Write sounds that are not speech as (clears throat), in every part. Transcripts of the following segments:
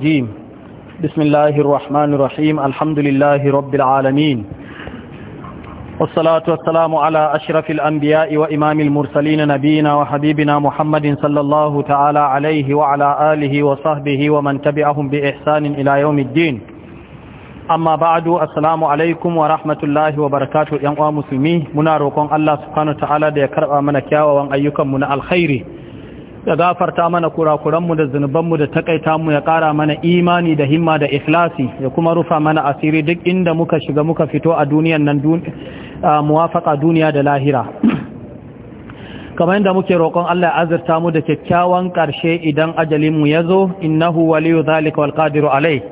جيم بسم الله الرحمن الرحيم الحمد لله رب العالمين والصلاة والسلام على أشرف الأنبياء وإمام المرسلين نبينا وحبيبنا محمد صلى الله تعالى عليه وعلى آله وصحبه ومن تبعهم بإحسان إلى يوم الدين amma ba'adu assalamu alaikum wa rahmatullahi wa barakatuh yan uwa musulmi muna roƙon Allah subhanahu ta'ala da ya karba mana kyawawan ayyukan mu na alkhairi ya gafarta mana kurakuranmu da zunubanmu da takaita mu ya kara mana imani da himma da ikhlasi ya kuma rufa mana asiri duk inda muka shiga muka fito a duniyan nan muwafaka duniya da lahira (clears throat) kamar yadda muke roƙon Allah ya azurta mu da kyakkyawan ƙarshe idan ajalinmu ya zo innahu waliyu zalika wal qadiru alai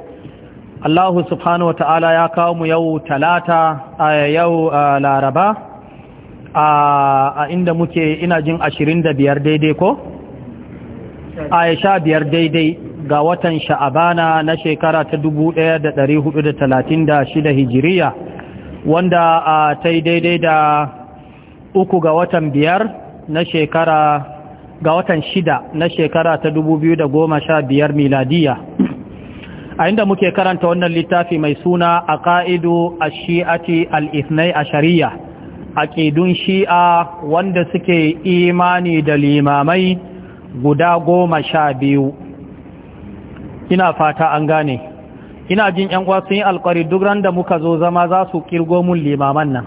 Allah subhanahu ta'ala ya kawo mu yau talata a yau laraba a inda muke ina jin 25 daidai ko Aisha biyar daidai ga watan sha'abana na shekara ta 1436 hijiriya wanda a ta daidai da uku ga watan biyar na shekara ga watan shida na shekara ta 2015 miladiya a inda muke karanta wannan littafi mai suna a ka'idu a shi'ati al'ifnai a shari'a a ƙidun shi'a wanda suke imani da limamai guda goma sha biyu ina fata an gane ina jin yan uwa sun yi alkwari duk ran da muka zo zama za su kirgo mun limaman nan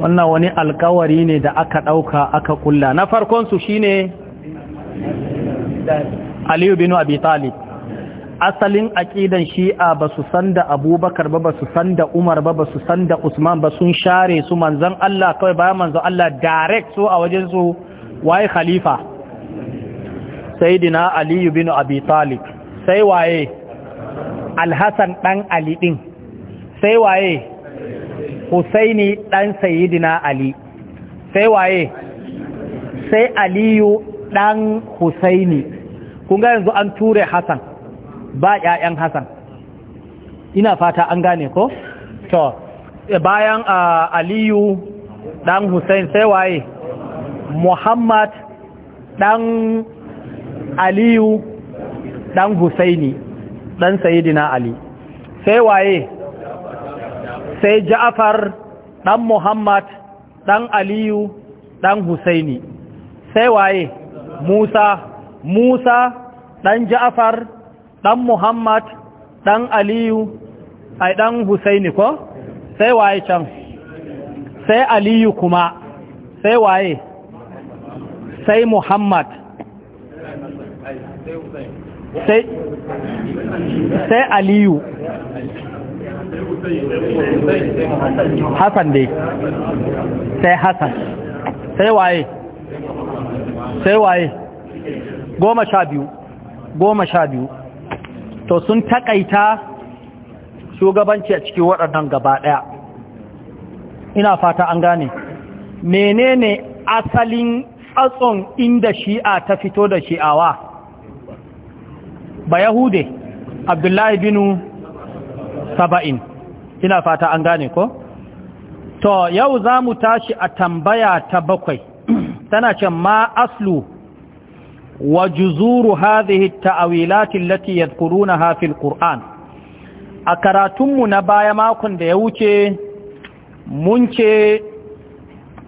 wannan wani alkawari ne da aka ɗauka aka kulla na farkonsu shine aliyu binu abi talib asalin aƙidan shi'a ba su san da abubakar ba ba su san da umar ba ba su san da usman ba sun share su manzan allah kawai bayan manzan allah direct so a wajen su waye khalifa sayidina aliyu bin abi talib sai waye alhassan dan ali din sai waye husaini dan sayidina ali sai waye sai aliyu dan husaini kun ga yanzu an ture hassan ba ƴaƴan hassan ina fata an gane ko to bayan ah, aliyu dan husain sai waye muhammad ɗan aliyu ɗan husaini ɗan sayidina ali sai waye sai ja'afar ɗan muhammad ɗan aliyu ɗan husaini sai waye musa musa ɗan ja'afar ɗan muhammad ɗan aliyu ai ɗan husaini ko sai waye can sai aliyu kuma sai waye sai muhammad sai aliyu hassan dai sai hassan sai waye sai waye goma sha biyu goma sha biyu to sun takaita shugabanci a cikin waɗannan gaba ɗaya ina fata an gane menene asalin tsatson inda shi'a ta fito da shi'awa ba yahude abdullahi binu saba'in ina fata an gane ko to yau za mu tashi a tambaya ta bakwai (clears throat) tana ce ma aslu wa juzuru hadhihi ta'awilati allati yadhkurunaha fil qur'an a karatunmu na baya makon da ya wuce mun ce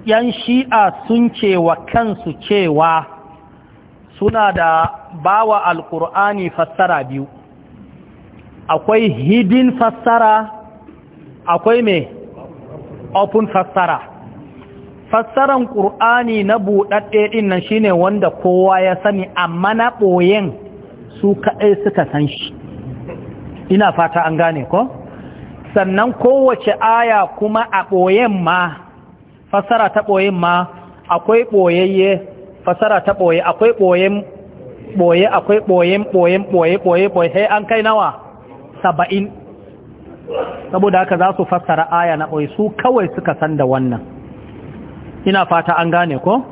yan shi'a sun ce wa kansu cewa suna da bawa alkur'ani fassara biyu akwai hidin fassara akwai mai open fassara fassaran ƙur'ani na buɗaɗɗe ɗin nan shine wanda kowa ya sani amma na ɓoyen su kaɗai suka san shi ina fata an gane ko sannan kowace aya kuma a ɓoyen ma fassara ta ɓoyin ma akwai ɓoyayye fassara ta ɓoye akwai ɓoyen ɓoye akwai ɓoyen ɓoyin ɓoye ɓoye ɓoye sai an kai nawa saba'in saboda haka za su fassara aya na ɓoye su kawai suka san da wannan ina fata an gane ko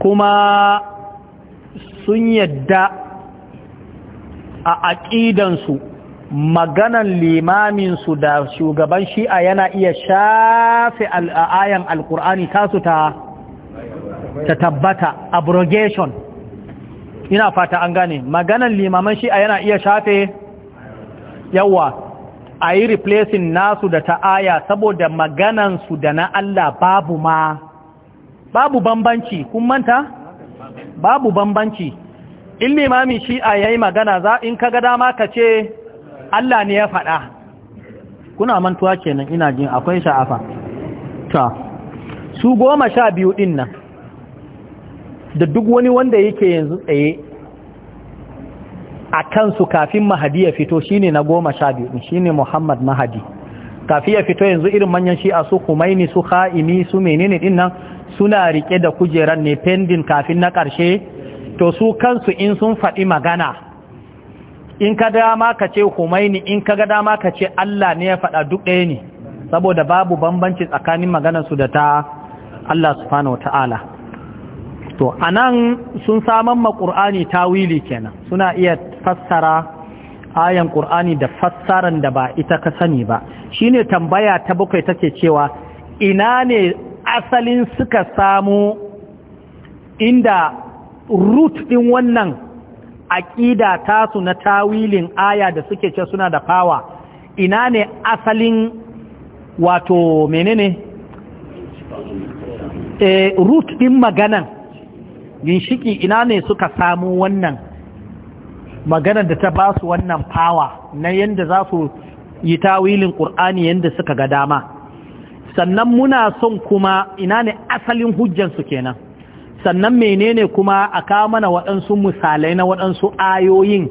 kuma sun yadda a aƙidansu maganan limaminsu da shugaban shi'a yana iya shafe al'ayan alkur'ani tasu ta ta tabbata abrogation ina fata an gane maganan limaman shi'a yana iya shafe yawa a yi replacing nasu da ta aya saboda su da na Allah babu ma babu bambanci kun manta babu bambanci in limamin shi'a ya yi magana za in kaga dama ka ce Allah ne ya faɗa kuna mantuwa kenan ina jin akwai sha'afa ta su goma sha biyu ɗin nan da duk wani wanda yake yanzu tsaye a kansu kafin mahadi ya fito shine na goma sha biyu ɗin shine muhammad mahadi kafin ya fito yanzu irin manyan shi'a su kumaini su ha'imi su menene ɗin nan suna rike da kujerar ne pendin kafin na ƙarshe to su kansu in sun faɗi magana in ka dama ka ce ni, in ka ga dama ka ce Allah ne ya faɗa duk ɗaya ne saboda babu bambanci tsakanin maganarsu da ta Allah subhanahu ta'ala. to anan sun saman ma ƙur'ani tawili kenan suna iya fassara ayan ƙur'ani da fassaran da ba ita ka sani ba shine tambaya ta bakwai take cewa ina ne asalin suka samu inda root ɗin wannan aƙida tasu na tawilin aya da suke ce suna da fawa ina ne asalin wato menene e, root ɗin maganan ginshiki ina ne suka samu wannan maganar da ta ba su wannan fawa na yadda za su yi tawilin ƙur'ani yadda suka ga dama sannan muna son kuma ina ne asalin hujjansu kenan sannan menene kuma a kawo mana waɗansu misalai na waɗansu ayoyin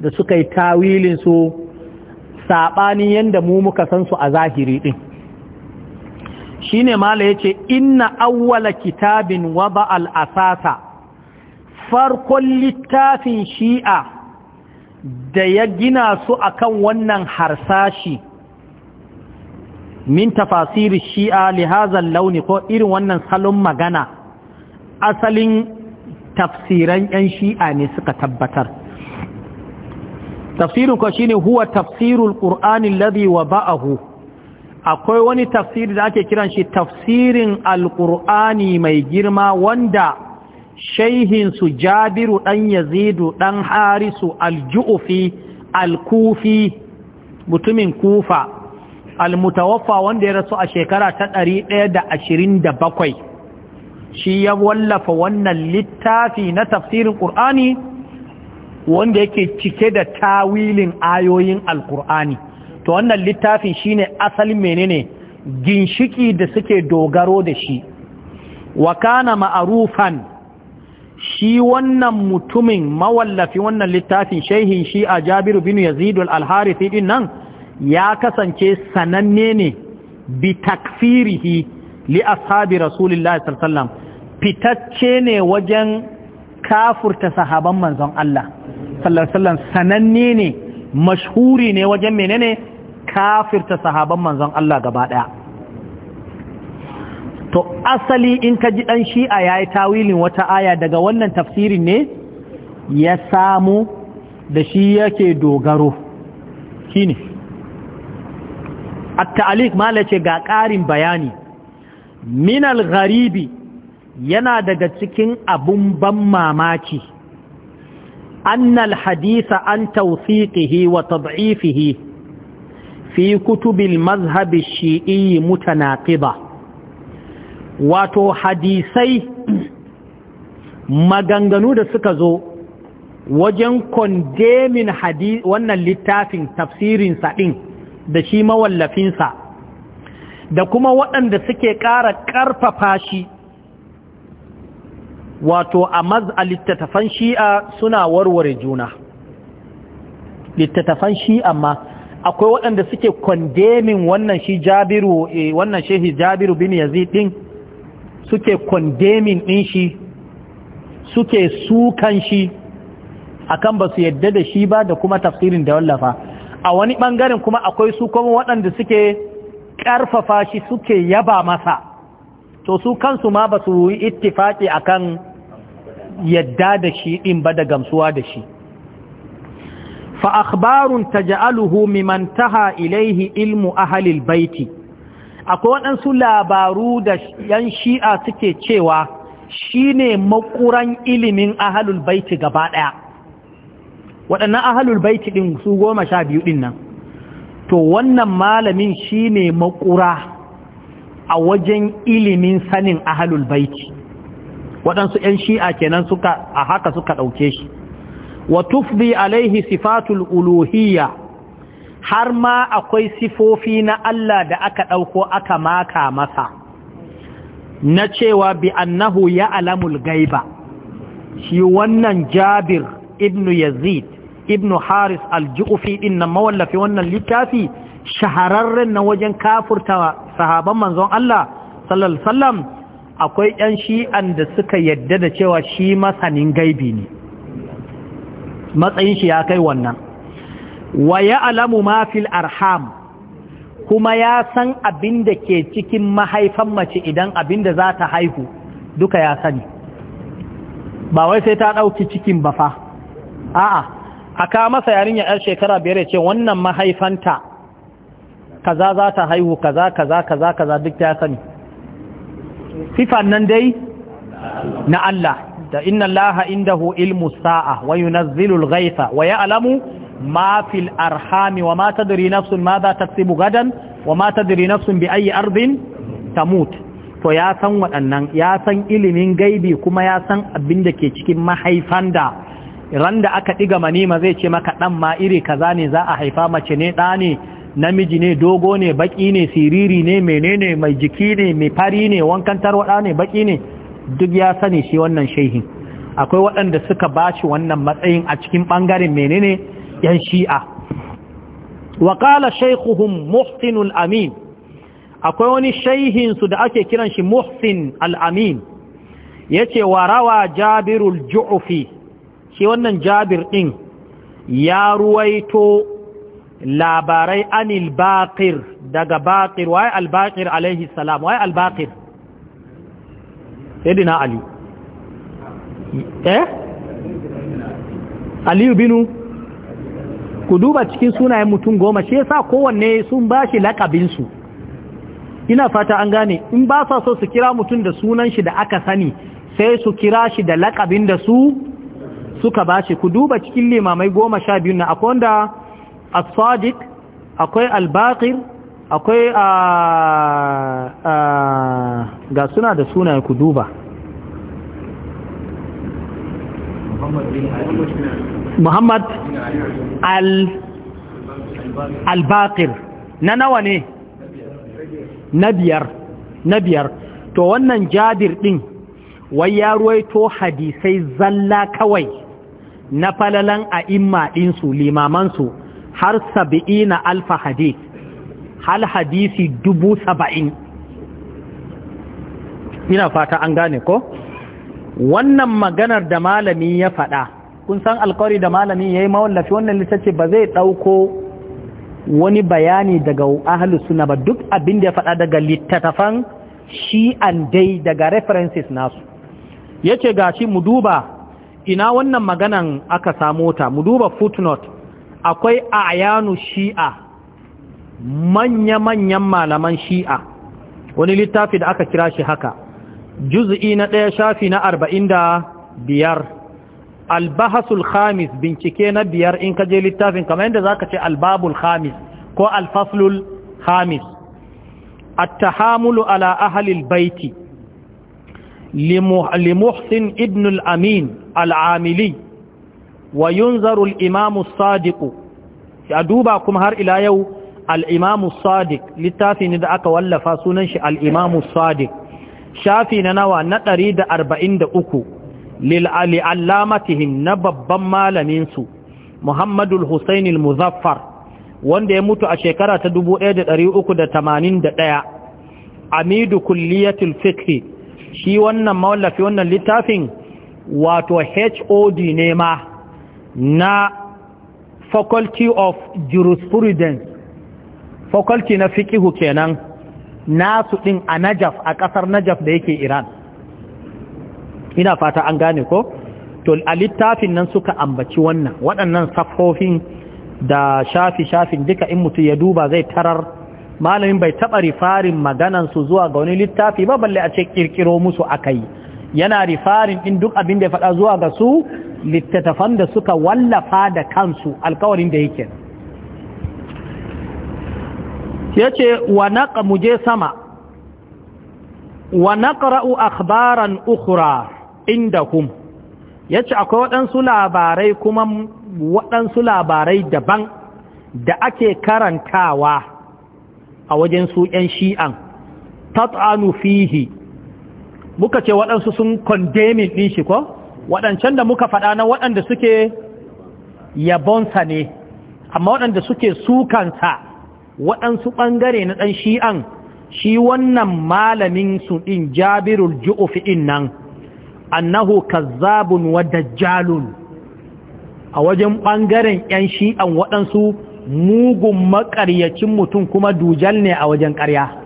da suka yi tawilin su saɓanin yadda mu muka san su a zahiri ɗin shi ne mala ya ce inna awwala kitabin waba al'asasa farkon littafin shi'a da ya gina su akan wannan harsashi min tafasiri shi'a lihazan launi ko irin wannan salon magana asalin tafsiran 'yan shi'a ne suka tabbatar tafsirin ko shine huwa tafsirul qur'ani wa ba'ahu akwai wani tafsiri da ake kiran shi tafsirin alqur'ani mai girma wanda shaihin su jabiru Ɗan yazidu Ɗan harisu aljufi alkufi mutumin kufa almutawaffa wanda ya rasu a shekara ta ɗari ɗaya da da ashirin bakwai. shi ya wallafa wannan littafi na tafsirin ƙur'ani wanda yake cike da tawilin ayoyin alƙur'ani to wannan littafi shine asalin menene ginshiki da suke dogaro da shi Wakana ma'arufan shi wannan mutumin mawallafi wannan littafin shehin shi a jabiru bin Yazidu al-harithi din nan ya kasance sananne ne bi takfirihi li ashabi rasulillahi sallallahu alaihi wasallam fitacce ne wajen kafurta sahaban manzon Allah sallallahu sananne ne mashhuri ne wajen menene kafirta sahaban manzon Allah gaba daya to asali in ka ji dan shi'a yayi tawilin wata aya daga wannan tafsirin ne ya samu da shi yake dogaro shine at-ta'liq ga ƙarin bayani min al-gharibi yana daga cikin abun ban mamaki annal hadisa an tawfiqihi wa tad'ifihi fi kutubil mazhabi shi'i mutanaqiba wato hadisai maganganu da suka zo wajen kondemin wannan littafin tafsirinsa ɗin da shi mawallafinsa da kuma waɗanda suke ƙara ƙarfafa shi wato a a littattafan shi'a suna warware juna littattafan shi'a ma akwai waɗanda suke kondemin wannan shi jabiru eh, wannan shehi jabiru bin yazid din suke kondemin din shi suke sukan shi akan ba su yadda da shi ba da kuma tafsirin da wallafa a wani ɓangaren kuma akwai su kuma waɗanda suke ƙarfafa shi suke yaba masa to su kansu ma ba su yi ittifaƙi akan yadda da shi ɗin ba da gamsuwa da shi fa'akbarun ta ja'aluhu mimantaha ilaihi ilmu ahalil baiti akwai waɗansu labaru da ‘yan shi'a suke cewa shi ne makuran ilimin ahalul baiti gaba ɗaya waɗannan ahalul baiti ɗin su goma sha biyu ɗin nan to wannan malamin shi ne makura a wajen ilimin sanin ahalul baiti waɗansu 'yan shi'a kenan suka a haka suka ɗauke shi wa tufdi alaihi sifatul uluhiyya har ma akwai sifofi na Allah da aka ɗauko aka maka masa na cewa bi annahu ya alamul gaiba shi wannan jabir ibnu yazid ibnu haris aljufi ɗin na mawallafi wannan littafi shahararren na wajen kafurta sahaban manzon Allah sallallahu akwai ‘yan shi'an da suka yadda da cewa shi masanin gaibi ne matsayin shi ya kai wannan wa ya alamu mafil arham kuma ya san abin da ke cikin mahaifan mace idan abin da za ta haihu duka ya sani ba wai sai ta ɗauki cikin ba fa a'a a ka masa yarinya ‘yar shekara biyar ce wannan mahaifanta kaza za ta haihu kaza kaza kaza kaza duk ta sani sifan nan dai na Allah da inna Allah indahu ilmu sa'a wa yunazzilul al-ghaytha wa ya'lamu ma fil arhami wa ma tadri nafsun madha taksibu gadan wa ma tadri nafsun bi ayyi ardin tamut to ya san waɗannan ya san ilimin gaibi kuma ya san abin da ke cikin mahaifan da ran da aka ɗiga manima zai ce maka ɗan ma iri kaza ne za a haifa mace ne ɗa ne namiji ne dogo ne baki ne siriri ne menene mai jiki ne mai fari ne wankan tarwada ne baki ne duk ya sani shi wannan shehin akwai waɗanda suka bashi wannan matsayin a cikin ɓangaren menene yan shi'a wa qala shaykhuhum muhsin al-amin akwai wani shaihin su da ake kiran shi muhsin al-amin yace wa rawa jabirul ju'fi shi wannan jabir ɗin ya ruwaito labarai anil baqir daga baqir waye al-baqir alaihi salam waye al-baqir sayyidina ali eh aliyu binu ku duba cikin sunayen mutum goma shi yasa kowanne sun bashi lakabin su ina fata an gane in ba sa so su kira mutum da sunan shi da aka sani sai su kira shi da lakabin da su suka bashi ku duba cikin limamai goma sha biyu na akwai as-sadiq akwai al akwai a ga suna da sunaye ku duba Muhammad al na nawa ne na biyar to wannan jabir din wai ya ruwaito hadisai zalla kawai na falalan a a'imma ɗinsu limamansu har saba'ina alfa hadith hal hadisi dubu saba'in ina fata an gane ko wannan maganar da malami ya faɗa kun san alkawari da malami ya yi mawallafi wannan littafi ba zai ɗauko wani bayani daga ahalus suna ba duk abin da ya faɗa daga littattafan shi an dai daga references nasu ya gashi mu duba ina wannan maganan aka samo ta mu duba footnote akwai ayanu shi'a manya-manyan malaman shi'a wani littafi da aka kira shi haka juz'i na ɗaya shafi na arba'in da biyar albahasul khamis bincike na biyar in ka je littafin kamar yadda za ka ce albabul khamis ko alfaslul khamis attahamulu ala ahalil baiti limuhsin ibn al-amin al'amili wa yunzarul al-imamu sadiqu a duba kuma har ila yau al-imamu sadiq littafi ne da aka wallafa sunan shi alimamu sadiq shafi na nawa na 143 lil ali allamatihim na babban malamin su muhammadul hussaini muzaffar wanda ya mutu a shekara ta 1381 amidu kulliyatul fikri shi wannan mawallafi wannan littafin wato HOD ne ma na faculty of jurisprudence faculty na fikihu kenan nasu din a najaf a ƙasar najaf da yake iran ina fata an gane ko to a littafin nan suka ambaci wannan waɗannan safofin da shafi-shafin duka in mutu ya duba zai tarar malamin bai taɓa rifarin maganansu zuwa ga wani littafi ba balle a ce ƙirƙiro musu aka yi yana rifarin in duk abin da ya faɗa zuwa ga su littattafan da suka wallafa da kansu alkawarin da yake ya ce wa naƙa muje sama wa naƙra'u akhbaran ukhra indahum ya ce akwai waɗansu labarai kuma waɗansu labarai daban da ake karantawa a wajen su ‘yan shi'an tat'anu fihi muka ce waɗansu sun condemning ɗin shi ko waɗancan da muka faɗa na waɗanda suke yabonsa ne amma waɗanda suke sukansa waɗansu ɓangare na ɗan shi'an shi wannan malamin su ɗin jabirul ju'ufi ɗin nan annahu kazzabun wa dajjalun a wajen ɓangaren 'yan shi'an waɗansu mugun maƙaryacin mutum kuma dujal ne a wajen ƙarya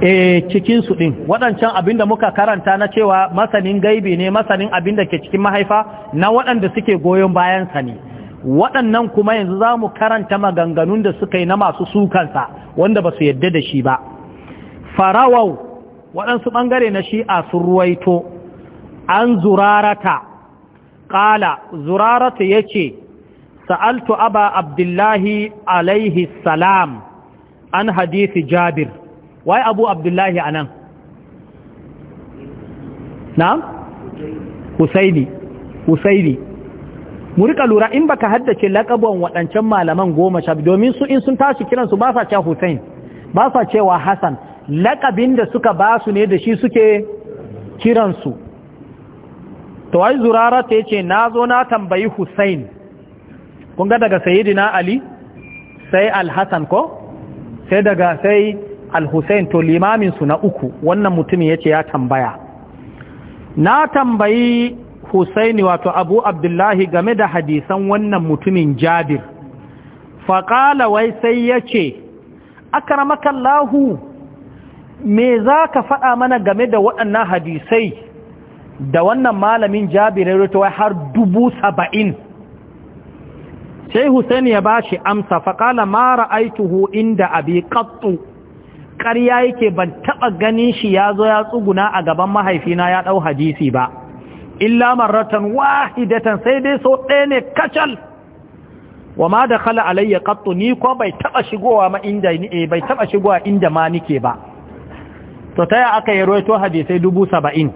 e cikinsu ɗin waɗancan abin da muka karanta na cewa masanin gaibi ne masanin abin da ke cikin mahaifa na waɗanda suke goyon bayansa ne waɗannan kuma yanzu za mu karanta maganganun da suka yi na masu sukansa wanda ba su yadda da shi ba farawau waɗansu ɓangare na shi a ruwaito an zurarata ƙala zurarata ya ce sa'altu aba abdullahi alaihi salam an hadisi jabir wai abu abdullahi a nan na? husaini husaini mu rika lura in baka haddace lakabon waɗancan malaman goma sha domin su in sun tashi kiransu ba sa cewa husain ba sa cewa hassan lakabin da suka ba su ne da shi suke kiransu to wai zurara ta ce na zo na tambayi husain kun ga daga sayidina ali sai alhassan ko sai daga sai al-hussein to limamin su na uku wannan mutumin ce ya tambaya na tambayi husaini wato abu abdullahi game da hadisan wannan mutumin jabir faƙala wai sai ya ce akaramakallahu me za ka faɗa mana game da waɗannan hadisai da wannan malamin jabirai rituwa har dubu saba'in sai husaini ya ba shi amsa faƙala mara aituhu inda abi ƙattu ƙarya yake ban taɓa ganin shi ya zo ya tsuguna a gaban mahaifina ya ɗau hadisi ba illa marratan wahidatan sai dai so ɗaya ne kacal wa ma da kala alayya ni ko bai taɓa shigowa ma inda ni eh, bai taɓa shigowa inda ma nike ba to taya aka yi roito hadisai dubu saba'in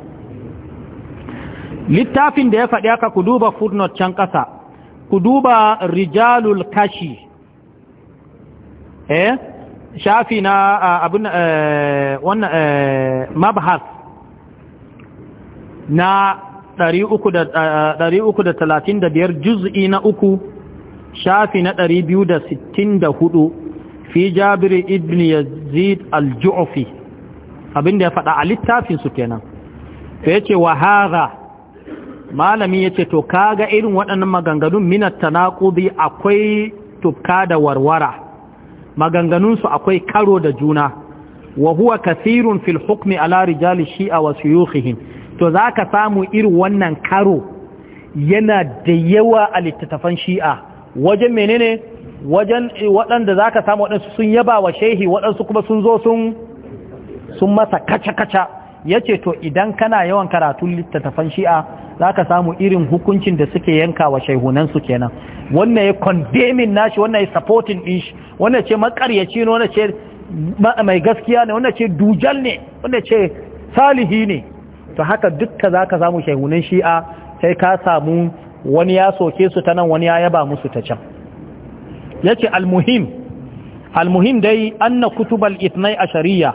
littafin da ya faɗi aka ku duba footnote can ƙasa ku duba rijalul kashi eh shafi na abin eh, wannan eh, mabhas na 335 juz'i na uku shafi na 264 fi jabir ibn yazid al-ju'fi abinda ya faɗa a su kenan ta yace wa malami ce to kaga irin waɗannan maganganun minat tanaqudi akwai tufka da warwara maganganunsu akwai karo da juna wa huwa kathirun fil hukmi ala rijali shi'a wa shuyukhihim to zaka samu irin wannan karo yana da yawa a littattafan shi'a wajen menene wajen waɗanda zaka samu waɗansu sun yaba wa shehi waɗansu kuma sun zo sun sun masa kaca-kaca ya ce to idan kana yawan karatun littattafan shi'a za ka samu irin hukuncin da suke yanka wa shaihunansu kenan wanda ya condemning nashi wanda ya supporting din shi ce makaryaci ne wannan ce mai gaskiya ne wannan ce dujal ne wannan ce salihi ne to haka dukka za ka samu shaihunan shi'a sai ka samu wani ya soke su ta nan wani ya yaba musu ta can ya ce almuhim almuhim dai an na kutubal itnai a shari'a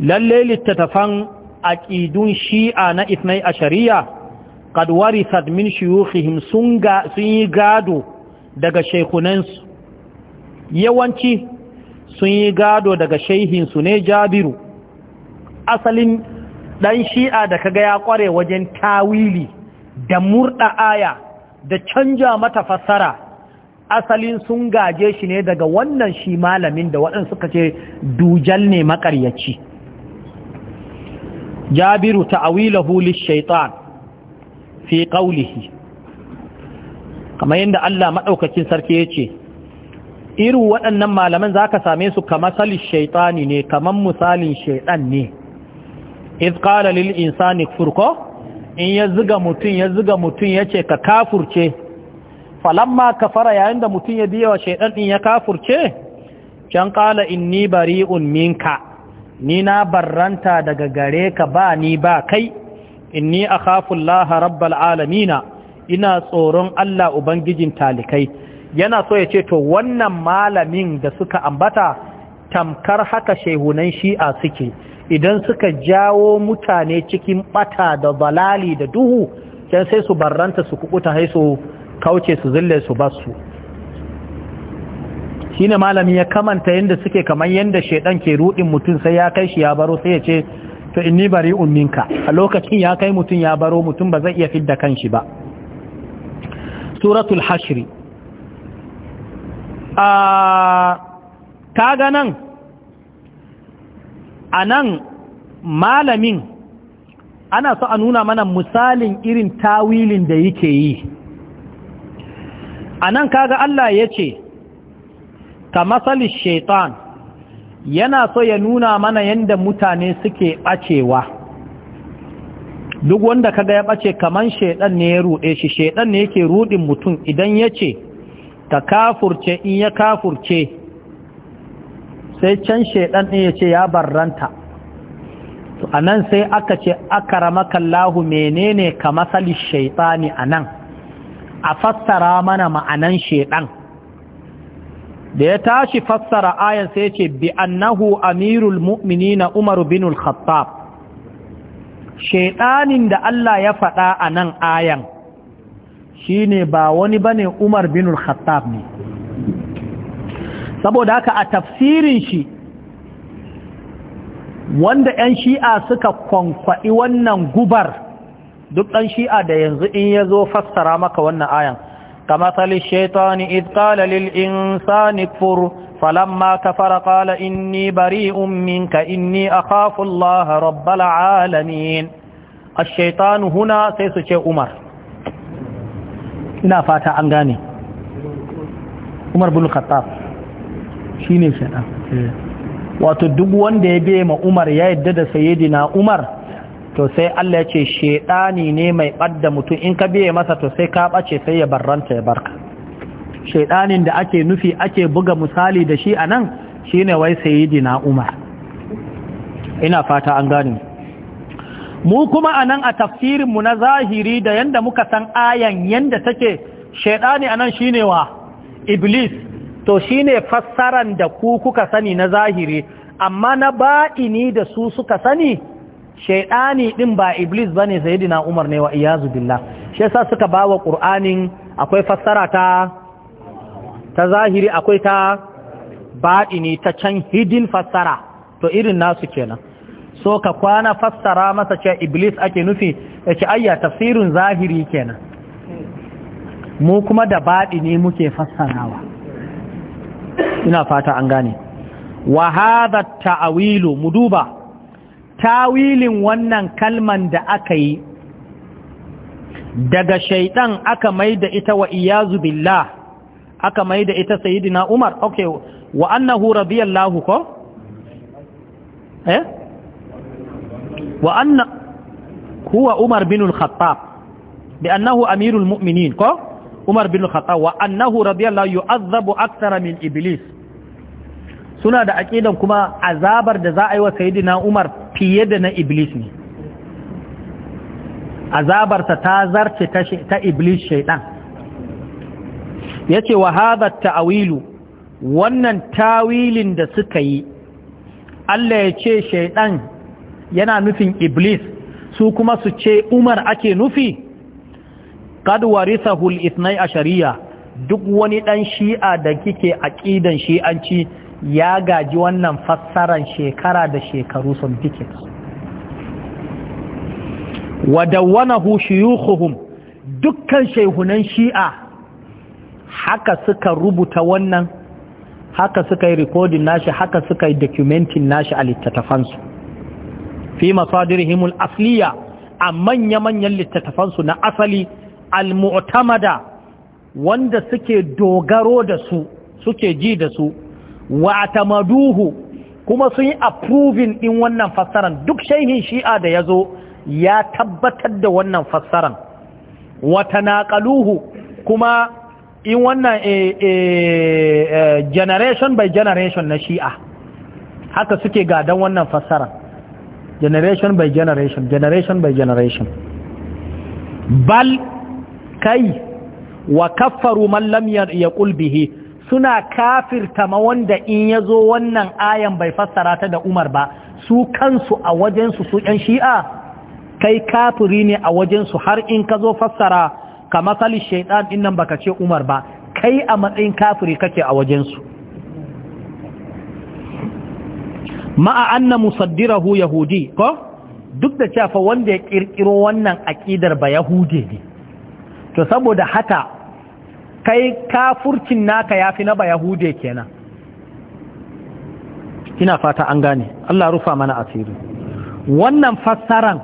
lalle littattafan aƙidun shi'a na itnai a shari'a ƙadwari sadmin min shuyukhihim sun sun yi gado daga su, yawanci sun yi gado daga shaihinsu ne jabiru asalin ɗan shi'a da kaga ya ƙware wajen tawili da murda aya da canja mata fassara asalin sun gaje shi ne daga wannan shi malamin da waɗansu suka ce dujal ne makaryaci jabiru ta'awilahu lishaitan fi qawlihi kamar yadda Allah madaukakin sarki yace iru waɗannan malaman zaka same su kamar salil shaiɗani ne kaman misalin shaitan ne iz qala lil insani furqa in ya mutun ya mutun yace ka kafurce falamma kafara yayin da mutun ya biya wa shaiɗan din ya kafurce can qala inni bari'un minka ni na barranta daga gare ka ba ni ba kai inni akhafullaha rabbal alamina ina tsoron Allah ubangijin talikai yana so ya ce to wannan malamin da suka ambata tamkar haka shehunan shi'a suke idan suka jawo mutane cikin bata da balali da duhu can sai su barranta su kukuta haisu kauce su zille su basu shine malami ya kamanta yanda suke kamar yadda shedan ke rudin mutum sai ya kai shi ya baro sai ya ce to inni bari umminka a lokacin ya kai mutum ya baro mutum ba zai iya fidda kanshi ba suratul hashri a kaga nan a nan malamin ana so a nuna mana misalin irin tawilin da yake yi a nan kaga Allah ya ce ka shaitan yana so ya nuna mana yadda mutane suke ɓacewa duk wanda kaga ya ɓace kaman shaitan ne ya ruɗe shi shaitan ne yake ruɗin mutum idan ya ce ka kafurce in ya kafurce sai can shaitan ɗin ya ce ya barranta to a nan sai aka ce aka ramakallahu menene ka matsalin shaitani a nan a fassara mana ma'anan shaitan da ya tashi fassara ayan sai ce bi annahu amirul mu'minina umar bin al-khattab shaidanin da Allah ya faɗa a nan ayan shine ba wani bane umar bin khattab ne saboda haka a tafsirin shi wanda 'yan shi'a suka kwankwaɗi wannan gubar duk ɗan shi'a da yanzu in ya zo fassara maka wannan ayan كمثل الشيطان إذ قال للإنسان اكفر فلما كفر قال إني بريء منك إني أخاف الله رب العالمين الشيطان هنا سيسوشي عمر ina fata an gane بن الخطاب شيني shine shaɗa دي بيما wanda يا إدد سيدنا ya to sai Allah ya ce shedani ne mai ɓadda mutum in ka biye masa to sai ka ɓace sai ya barranta ya barka shedanin da ake nufi ake buga misali da shi anan shine wai sayyidina Umar ina fata an gane mu kuma anan a tafsirin mu na zahiri da yanda muka san ayan yanda take shedani anan shine wa iblis to shine fassaran da ku kuka sani na zahiri amma na ba'ini da su suka sani shaidani din ba iblis bane sayyidina umar ne wa iyazu billah shi yasa suka bawa qur'anin akwai fassara ta ta zahiri akwai ta baɗini ta can hidin fassara to irin nasu kenan so ka kwana fassara masa ce iblis ake nufi ya ayya tafsirin zahiri kenan mu kuma da baɗini muke fassarawa ina fata an gane wa hadha ta'awilu mu duba tawilin wannan kalman da aka yi daga shaiɗan aka mai da ita wa iyazu billah aka mai da ita sayidina umar ok wa annahu radiyallahu ko? eh? wa anna huwa umar bi annahu amirul mu'minin ko? umar wa annahu radiyallahu yu'azzabu aktara min iblis suna da aƙidan kuma azabar da za a yi wa sayidina umar fiye da na iblis ne azabarta ta zarce ta iblis shaidan ya ce wa haɗa ta'awilu wannan tawilin da suka yi Allah ya ce shaidan yana nufin iblis su kuma su ce umar ake nufi kadwarisa hul isnai a shari'a duk wani ɗan shi'a da kike aƙidan shi'anci ya gaji wannan fassaran shekara da shekaru sun shi wadawwanahu shuyukhuhum dukkan shehunan shi'a haka suka rubuta wannan haka suka yi rikodin nashi haka suka yi dokumentin nashi a littattafansu fi masadirihimul asliya a manya-manyan littattafansu na asali al-mu'tamada wanda suke dogaro da su suke ji da su wa tamaduhu kuma sun yi approving din wannan fassaran duk shaihin shi'a da ya zo ya tabbatar da wannan fassaran wa tanaqaluhu kuma in wannan eh, eh, eh, generation by generation na shi'a haka suke gadan wannan fassaran generation by generation generation by generation bal kai wa kaffaru man lam yaqul bihi suna kafirta ma wanda in ya zo wannan ayan bai fassara ta da umar ba su kansu a wajensu su ‘yan shi'a kai kafiri ne a wajensu har in ka zo fassara ka matsali shaidan in nan baka ce umar ba kai a matsayin kafiri kake a wajensu ma'a anna musaddirahu yahudi ko duk da cewa wanda ya ƙirƙiro wannan aƙidar ba yahudi ne to saboda haka kai kafurcin naka ya fi na ba yahude kenan ina fata an gane Allah rufa mana asiri wannan fassaran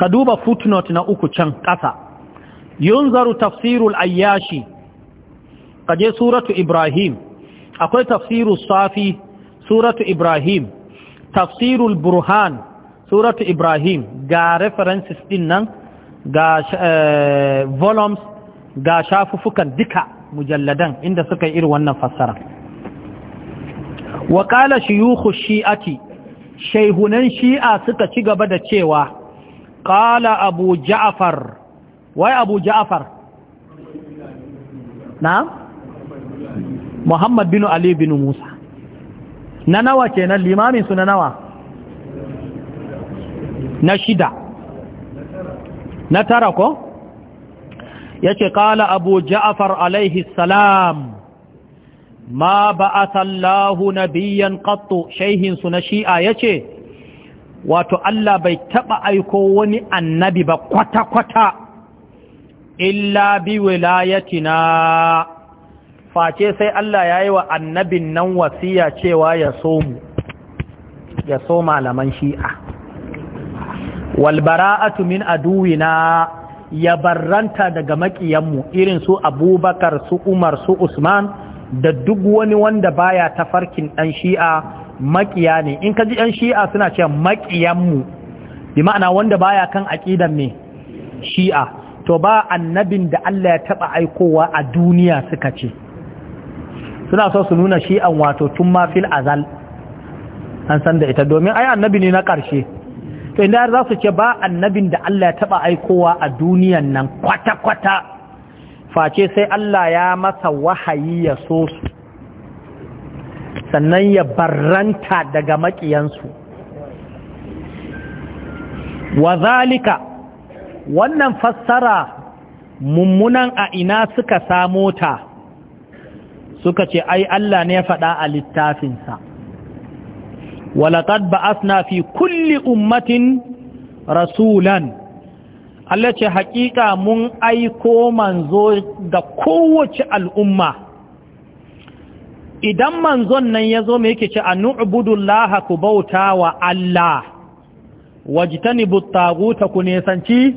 ka duba footnote na uku can ƙasa yunzaru tafsirul ayyashi ka je suratu ibrahim akwai tafsiru safi suratu ibrahim tafsirul burhan suratu ibrahim ga references din nan ga eh, volumes ga shafuffukan duka mujalladan inda suka yi irin wannan fassara wa qala shuyukhu shi'ati shaihunan shi'a suka ci gaba da cewa qala abu ja'far wai abu ja'far na muhammad bin ali bin musa na nawa kenan limamin su na nawa na shida na tara ko yace ƙala abu ja'far alaihi salam ma sallahu na biyan qattu shaihinsu na shi'a yace wato Allah bai taɓa aiko wani annabi ba kwata kwata illa bi wilayatina face sai Allah ya yi wa annabin nan wasiya cewa ya so ya so malaman shi'a walbara'atu min aduwina ya barranta daga makiyanmu irin su abubakar su umar su usman da duk wani wanda baya tafarkin ɗan shi'a makiya ne in ka ji ɗan shi'a suna ce makiyanmu bi ma'ana wanda baya kan aƙidan ne shi'a to ba annabin da Allah ya taɓa aikowa a duniya suka ce suna so su nuna shi'an wato tun ma fil azal an san da ita domin ai annabi ne na ƙarshe to inda za su ce ba annabin da Allah ya taba aikowa a duniyan nan kwata-kwata face sai Allah ya masa wahayi ya so su sannan ya barranta daga maƙiyansu wa zalika wannan fassara mummunan a ina suka samo ta suka ce ai Allah ne ya faɗa a littafinsa walaƙad ba'asna fi kulli ummatin rasulan Allah ce haƙiƙa mun aiko manzo ga kowace al'umma idan manzon nan ya zo mai yake ce a nu'budullaha ku bauta wa Allah wajtanibu taguta ku nesanci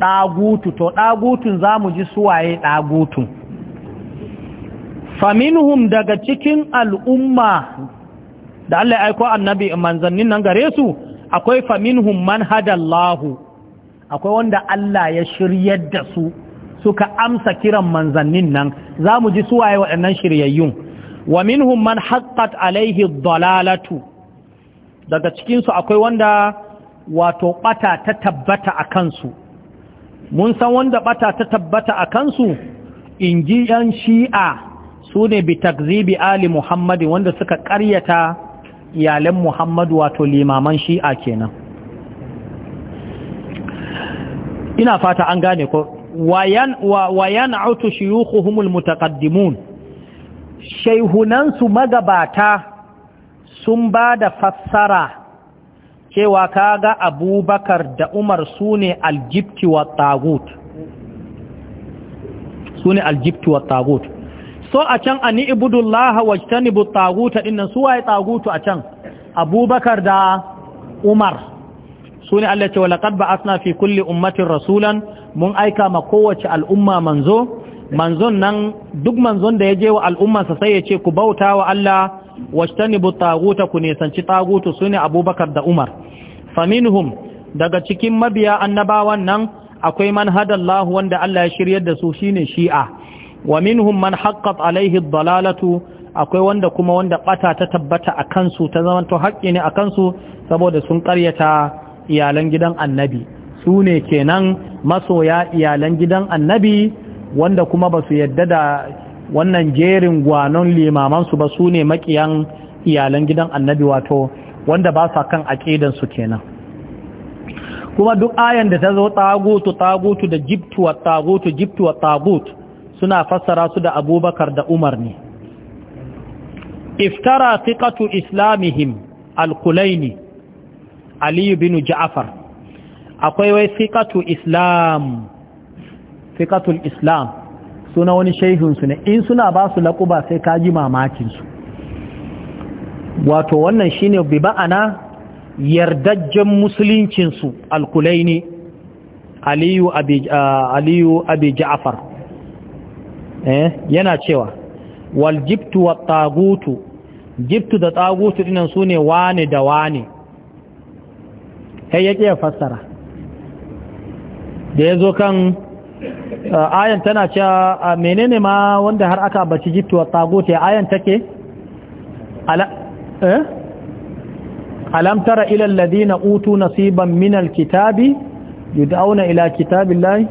ɗagutu to ɗagutun za mu ji suwaye ɗagutun faminhum daga cikin al'umma da Allah ya aiko annabi manzannin nan gare su akwai faminhum man hadallahu akwai wanda Allah ya shiryar da su suka amsa kiran manzannin nan za mu ji su waye waɗannan shiryayyun wa minhum man haqqat alaihi dalalatu daga cikin su akwai wanda wato bata ta tabbata a kansu mun san wanda bata ta tabbata a kansu inji yan shi'a su ne bi takzibi ali muhammadin wanda suka karyata iyalan muhammadu wato limaman shi'a kenan ina fata an gane ko wayan wayan autu shuyukhuhumul mutaqaddimun shaihunansu magabata sun ba da fassara cewa kaga abubakar da umar su ne aljibti wa tagut su aljibti wa tagut so a can a ni'ibudullaha wajtanibu taguta dinnan su waye tagutu a can abubakar da umar su ne Allah ce wa laqad fi kulli ummatin rasulan mun aika ma kowace al'umma manzo manzon nan duk manzon da ya je wa al'ummarsa sai ya ce ku bauta wa Allah wajtanibu taguta ku nisanci tagutu su ne abubakar da umar faminhum daga cikin mabiya annabawan nan akwai man hadallahu wanda Allah ya shiryar da su shine shi'a wa minhum man haqqat alaihi dalalatu akwai wanda kuma wanda bata ta tabbata a kansu ta to haƙƙi ne a kansu saboda sun ƙaryata iyalan gidan annabi su ne kenan masoya iyalan gidan annabi wanda kuma ba su yadda da wannan jerin gwanon limamansu ba su ne maƙiyan iyalan gidan annabi wato wanda ba sa kan su kenan kuma duk ayan da ta zo tagutu tagutu da jibtuwa tagutu jibtuwa tagutu suna fassara su da abubakar da umar ne iftara fiƙatu islamihim kulaini aliyu binu ja'afar akwai wai fiƙatu islam fiƙatul islam suna wani shaihinsu ne in suna ba su laƙuba sai ka kaji mamakinsu wato wannan shine bi ba'ana yardajjen musuluncinsu alkulaini aliyu abi ja'afar Eh, yana cewa wal jibtu wat tagutu jibtu da tagutu dinan sune wane da wane kai yake fassara da yazo kan uh, ayan tana cewa menene ma wanda har aka bace jibtu wat tagutu ayan take ala eh alam tara ila alladhina utu nasiban min alkitabi yud'auna ila kitabillahi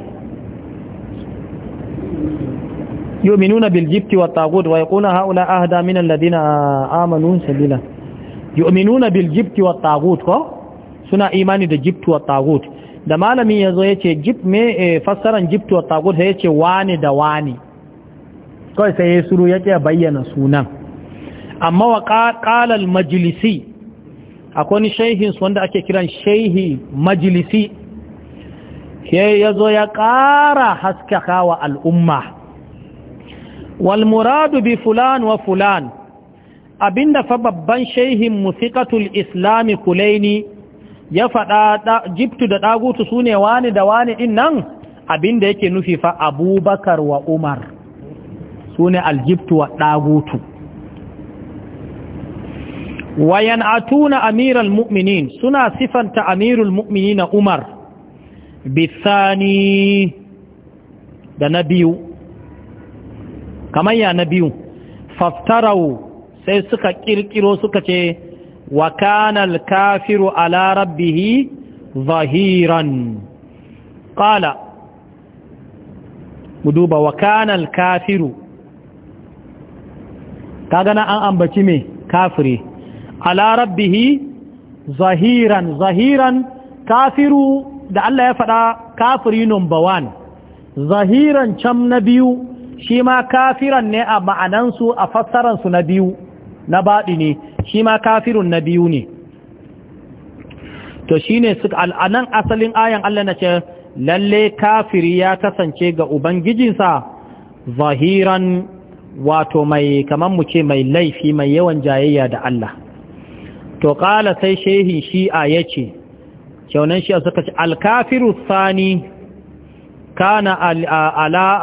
yu'minuna bil jibti wat tagut wa yaquluna haula ahda min alladhina amanu sabila yu'minuna bil jibti wat tagut ko suna imani da jibtu wat tagut da malamin yazo yace jib me eh, fassaran jibtu wat yace wani da wani Kawai sai ya suru yake bayyana sunan amma wa qala al majlisi akwai shehin wanda ake kiran shaihi majlisi ke yazo ya ƙara haskaka wa al'umma walmuradu bi fulan wa fulan abinda fa babban shehin musiqatul islami kulaini ya faɗa jibtu da ɗagutu su ne wani da wani ɗin nan abinda yake nufi fa abubakar wa umar su ne aljibtu wa ɗagutu wayan atuna amiral mu'minin suna sifanta amirul mu'minin na umar bisani da na biyu kamar ya na biyu faftarau sai suka kirkiro suka ce wa kanal kafiru ala rabbihi zahiran qala guduba wa kanal kafiru kaga na an ambaci me kafiri ala rabbihi zahiran zahiran kafiru da Allah ya faɗa kafiri number one zahiran cam na biyu shi ma kafiran ne a ma'anansu a fassaransu na biyu na baɗi ne shi ma kafirun na biyu ne to shi ne al'anan asalin ayan Allah na ce lalle kafiri ya kasance ga ubangijinsa zahiran wato mai kamar mu ce mai laifi mai yawan jayayya da Allah to kala sai shehin shi'a ya ce shaunan shi'a suka ce alkafiru sani kana ala ala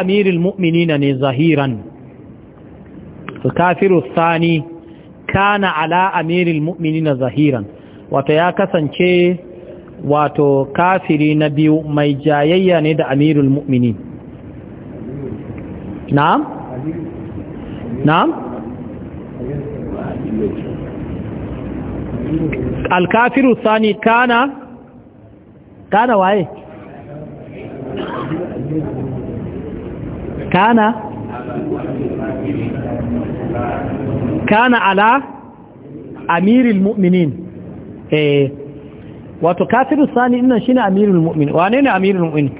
amiril mu'minina zahiran kafiru sani kana ala amiril mu'minina zahiran wato ya kasance wato kafiri na biyu mai jayayya ne da alkafiru sani kana kana waye kana kana ala amiril mu'minin eh wato kafiru sani innan shine amirul mu'min wane ne amirul mu'min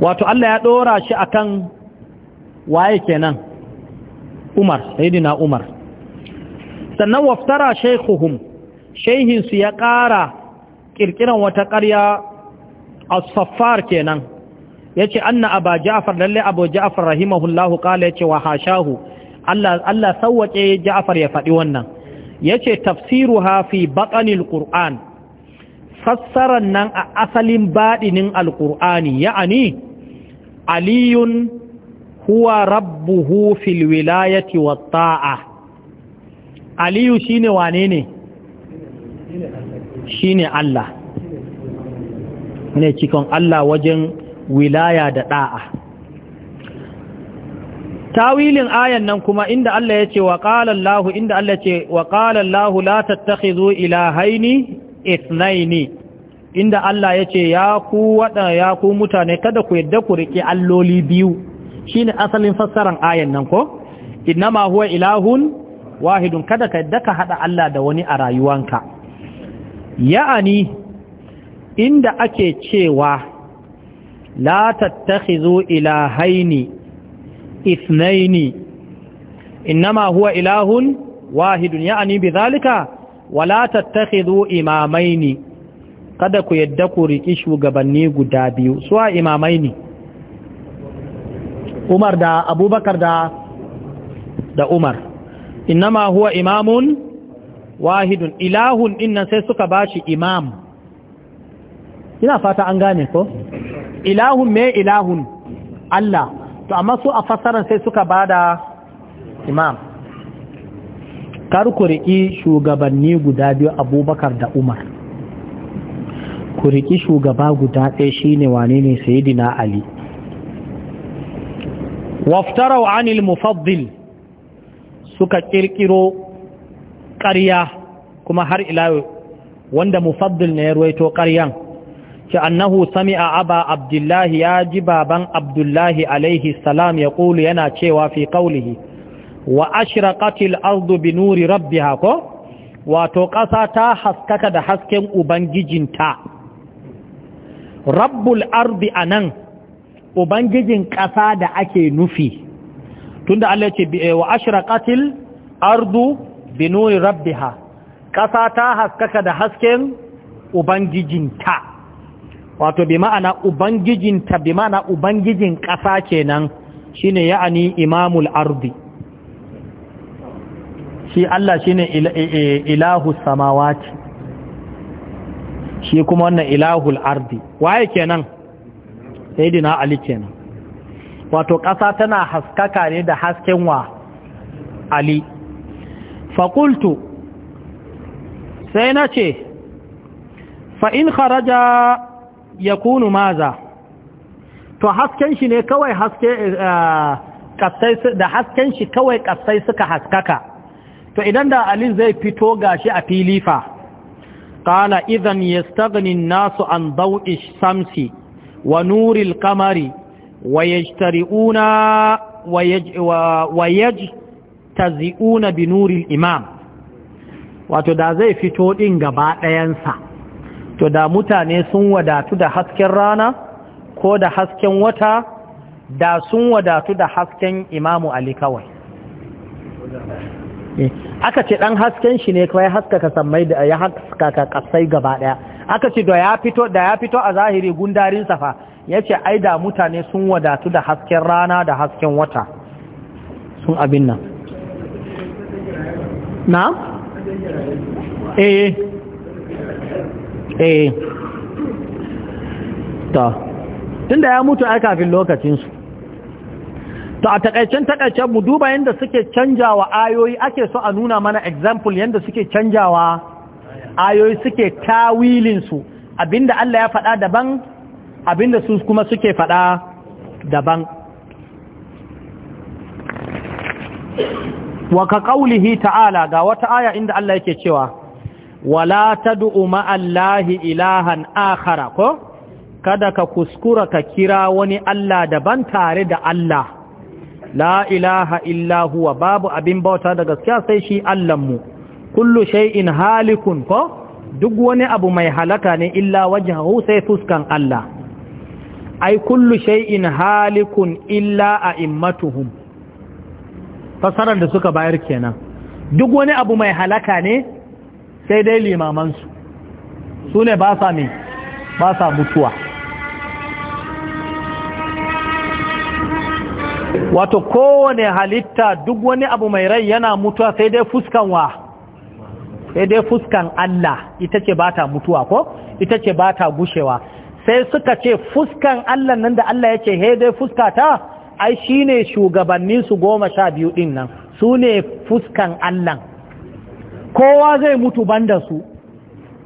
wato Allah ya dora shi akan waye kenan umar sayidina umar sannan waftara shaikuhum shaihinsu ya ƙara ƙirƙiran wata ƙarya a saffar kenan ya ce anna aba ja'afar lalle abu ja'afar rahimahullahu ƙala ya ce wa hashahu Allah sauwaƙe ja'afar ya faɗi wannan ya ce tafsiru hafi baƙanil ƙur'an nan a asalin baɗinin alƙur'ani ya'ani aliyun huwa rabbuhu fil wilayati wat ta'a aliyu shine wane ne shine Allah ne cikon Allah wajen wilaya da da'a tawilin ayan nan kuma inda Allah ya ce wa qala Allah inda Allah ce wa qala Allah la tattakhidhu ilahaini ithnaini inda Allah ya ce ya ku wada ya ku mutane kada ku yadda ku rike alloli biyu shine asalin fassaran ayan nan ko innama huwa ilahun wahidun kada ka daka hada Allah da wani a rayuwanka ya'ani inda ake cewa la tattakhizu ilahaini ithnaini innama huwa ilahun wahidun ya'ani bidhalika wala tattakhizu imamaini kada ku yadda ku riki shugabanni guda biyu suwa imamaini umar da abubakar da da umar innama huwa imamun wahidun ilahun innan sai suka bashi imam ina fata an gane ko ilahun me ilahun Allah to amma su a fassarar sai suka bada imam kar ku riƙi shugabanni guda biyu abubakar da umar ku riƙi shugaba guda ɗaya shine wane ne sayidina ali waftarau anil mufaddil suka kirkiro ƙarya kuma har ilayo wanda mufaddil ne ya ruwaito ƙaryan ki annahu sami'a aba abdullahi ya ji baban abdullahi alaihi salam ya ƙulu yana cewa fi ƙaulihi wa ashraqatil ardu bi nuri rabbiha hako, wato ƙasa ta haskaka da hasken ubangijinta rabbul ardi anan ubangijin ƙasa da ake nufi tunda Allah ce eh, wa ashraqatil ardu bi nuri rabbiha ƙasa ta haskaka da hasken ubangijinta wato bi ma'ana ubangijinta bi ma'ana ubangijin ƙasa kenan shine ya'ani imamul ardi shi Allah shine eh, eh, ilahu samawati shi kuma wannan ilahul ardi waye kenan sayidina ali kenan wato ƙasa tana haskaka ne da hasken wa ali faƙultu sai na ce fa'in kharaja ya kunu maza to hasken shi ne kawai haske eh, da hasken shi kawai ƙasai suka haskaka to idan da ali zai fito gashi a filifa ƙala idan ya stagnin nasu an dau'ish samsi wa nuril kamari wa yajtari'una wa yajtazi'una imam wato da zai fito din gaba ɗayansa to da mutane sun wadatu da hasken rana ko da hasken wata da sun wadatu da hasken imamu ali kawai Eh, aka ce dan hasken shi ne kawai haskaka sammai da ya haskaka kasai gaba daya aka ce da ya fito da ya fito a zahiri gundarin safa yace ai da mutane sun wadatu da hasken rana da hasken wata sun abin nan na eh eh to tunda ya mutu ai kafin lokacin su to a takaicen takaicen mu duba yadda suke canjawa ayoyi ake so a nuna mana example yadda suke canjawa ayoyi suke tawilinsu abinda Allah ya faɗa daban abinda su kuma suke faɗa daban wa ka ƙaulihi ta'ala ga wata aya inda Allah yake cewa wala tad'u Allahi ilahan akhara ko kada ka kuskura ka kira wani Allah daban tare da Allah la ilaha illa huwa babu abin bauta da gaskiya sai shi mu. kullu shay'in halikun ko duk wani abu mai halaka ne illa wajhahu sai fuskan Allah ai kullu shay'in halikun illa a'immatuhum fasarar da suka bayar kenan duk wani abu mai halaka ne sai dai limamansu su ne ba sa ba sa mutuwa wato kowane halitta duk wani abu mai rai yana mutuwa sai dai fuskan wa sai dai fuskan Allah ita ce ba ta mutuwa ko ita ce ba ta gushewa sai suka ce fuskan Allah nan da Allah ya ce he dai fuska ta ai shi ne shugabannin su goma sha biyu ɗin nan su ne fuskan Allah kowa zai mutu banda su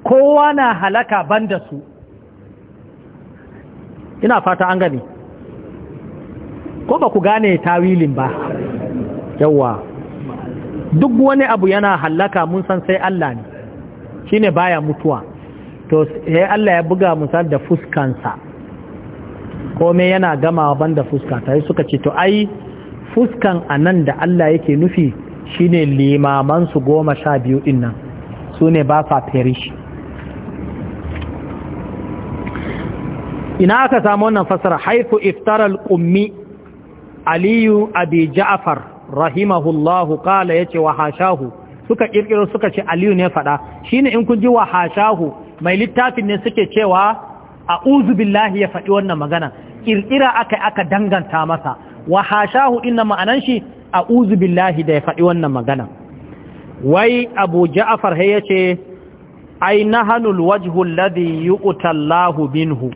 kowa na halaka banda su ina fata an gani ko ba ku gane tawilin ba yawa duk wani abu yana hallaka mun san sai Allah ne shine baya mutuwa to sai Allah ya buga musal da fuskansa kome yana gamawa banda fuska ta suka ce to ai fuskan anan da Allah yake nufi shine limaman su goma sha biyu din nan su ne ba sa perish ina aka samu wannan fasara haifu iftaral ummi aliyu abi ja'far rahimahullahu qala yace wa hashahu suka kirkiro suka ce aliyu ne fada shine in kun ji wa hashahu mai littafin ne suke cewa a'udhu billahi ya faɗi wannan magana kirkira aka aka danganta masa wa hashahu inna ma'anan shi a'udhu billahi da ya faɗi wannan magana wai abu ja'far he yace ai nahanul wajhu alladhi yu'tallahu minhu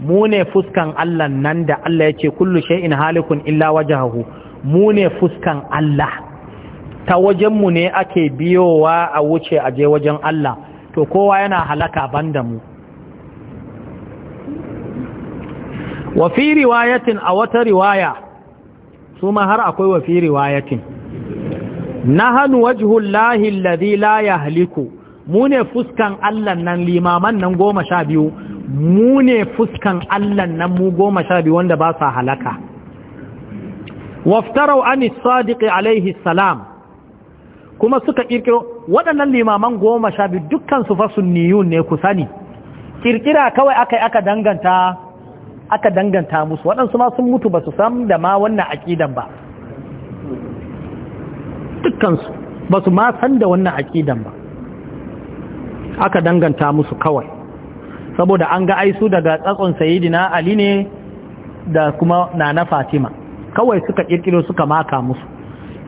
mu ne fuskan Allah nan da Allah ya ce kullu in halikun illa wajahu mu ne fuskan Allah ta wajenmu ne ake biyowa a wuce a je wajen Allah to kowa yana halaka banda mu wa fi riwayatin a wata riwaya su ma har akwai wa fi riwayatin nahanu wajhullahi alladhi la yahliku mu ne fuskan Allah nan limaman nan goma sha biyu mu ne fuskan Allah nan mu goma sha biyu wanda ba sa halaka waftarau an sadiq alaihi salam kuma suka ƙirƙiro waɗannan limaman goma sha biyu dukkan su fa sunniyun ne ku sani Ƙirƙira kawai aka aka danganta aka danganta musu waɗansu ma sun mutu ba su san da ma wannan aƙidan ba dukkansu ba su ma san da wannan aƙidan ba aka danganta musu kawai saboda an ga aisu daga tsatson sayidina ali ne da kuma na na fatima kawai suka kirkiro suka maka musu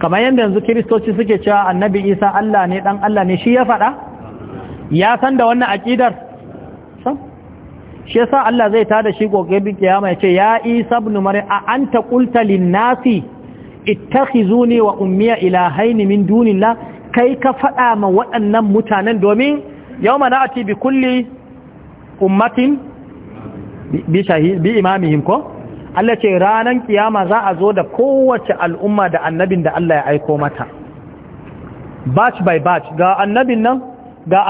kamar yadda yanzu kiristoci suke cewa annabi isa allah ne dan allah ne shi ya faɗa ya san da wannan aƙidar shi yasa allah zai tada shi goge kiyama ya ce ya isa ibn mari a anta qulta lin nasi ittakhizuni wa ummiya ilahaini min dunillah kai ka faɗa ma waɗannan mutanen domin yau mana a bi kulli ummatin bi imamihim ko Allah ce ranan kiyama za a zo da kowace al'umma da annabin da Allah ya aiko mata batch by batch ga annabin nan ga